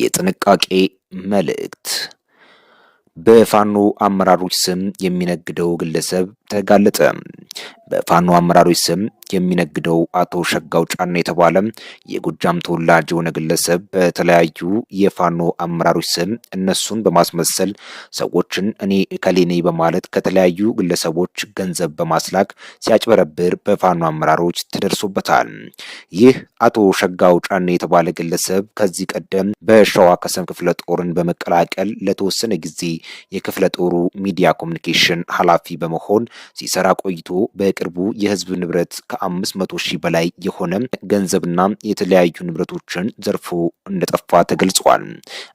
የጥንቃቄ መልእክት። በፋኖ አመራሮች ስም የሚነግደው ግለሰብ ተጋለጠ። በፋኖ አመራሮች ስም የሚነግደው አቶ ሸጋው ጫና የተባለ የጎጃም ተወላጅ የሆነ ግለሰብ በተለያዩ የፋኖ አመራሮች ስም እነሱን በማስመሰል ሰዎችን እኔ ከሌኔ በማለት ከተለያዩ ግለሰቦች ገንዘብ በማስላክ ሲያጭበረብር በፋኖ አመራሮች ተደርሶበታል። ይህ አቶ ሸጋው ጫና የተባለ ግለሰብ ከዚህ ቀደም በሸዋ ከሰም ክፍለ ጦርን በመቀላቀል ለተወሰነ ጊዜ የክፍለ ጦሩ ሚዲያ ኮሚኒኬሽን ኃላፊ በመሆን ሲሰራ ቆይቶ በቅርቡ የህዝብ ንብረት ከአምስት 500 ሺህ በላይ የሆነ ገንዘብና የተለያዩ ንብረቶችን ዘርፎ እንደጠፋ ተገልጿል።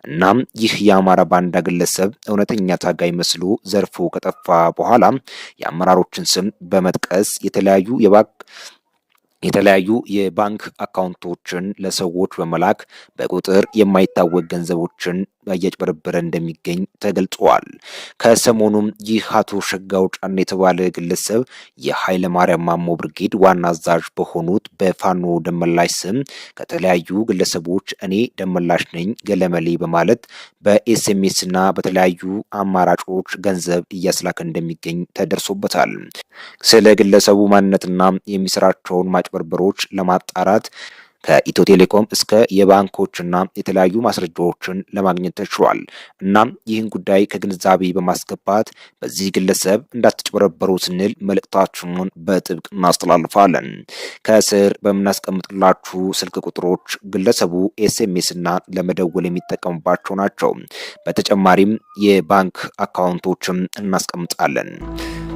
እናም ይህ የአማራ ባንዳ ግለሰብ እውነተኛ ታጋይ መስሎ ዘርፎ ከጠፋ በኋላ የአመራሮችን ስም በመጥቀስ የተለያዩ የባክ የተለያዩ የባንክ አካውንቶችን ለሰዎች በመላክ በቁጥር የማይታወቅ ገንዘቦችን እያጭበረበረ እንደሚገኝ ተገልጿል። ከሰሞኑም ይህ አቶ ሸጋው ጫን የተባለ ግለሰብ የኃይለ ማርያም ማሞ ብርጌድ ዋና አዛዥ በሆኑት በፋኖ ደመላሽ ስም ከተለያዩ ግለሰቦች እኔ ደመላሽ ነኝ ገለመሌ በማለት በኤስኤምኤስ እና በተለያዩ አማራጮች ገንዘብ እያስላከ እንደሚገኝ ተደርሶበታል። ስለ ግለሰቡ ማንነትና የሚሰራቸውን ማጭበርበሮች ለማጣራት ከኢትዮ ቴሌኮም እስከ የባንኮችና የተለያዩ ማስረጃዎችን ለማግኘት ተችሏል። እናም ይህን ጉዳይ ከግንዛቤ በማስገባት በዚህ ግለሰብ እንዳትጭበረበሩ ስንል መልእክታችንን በጥብቅ እናስተላልፋለን። ከስር በምናስቀምጥላችሁ ስልክ ቁጥሮች ግለሰቡ ኤስኤምኤስ እና ለመደወል የሚጠቀሙባቸው ናቸው። በተጨማሪም የባንክ አካውንቶችም እናስቀምጣለን።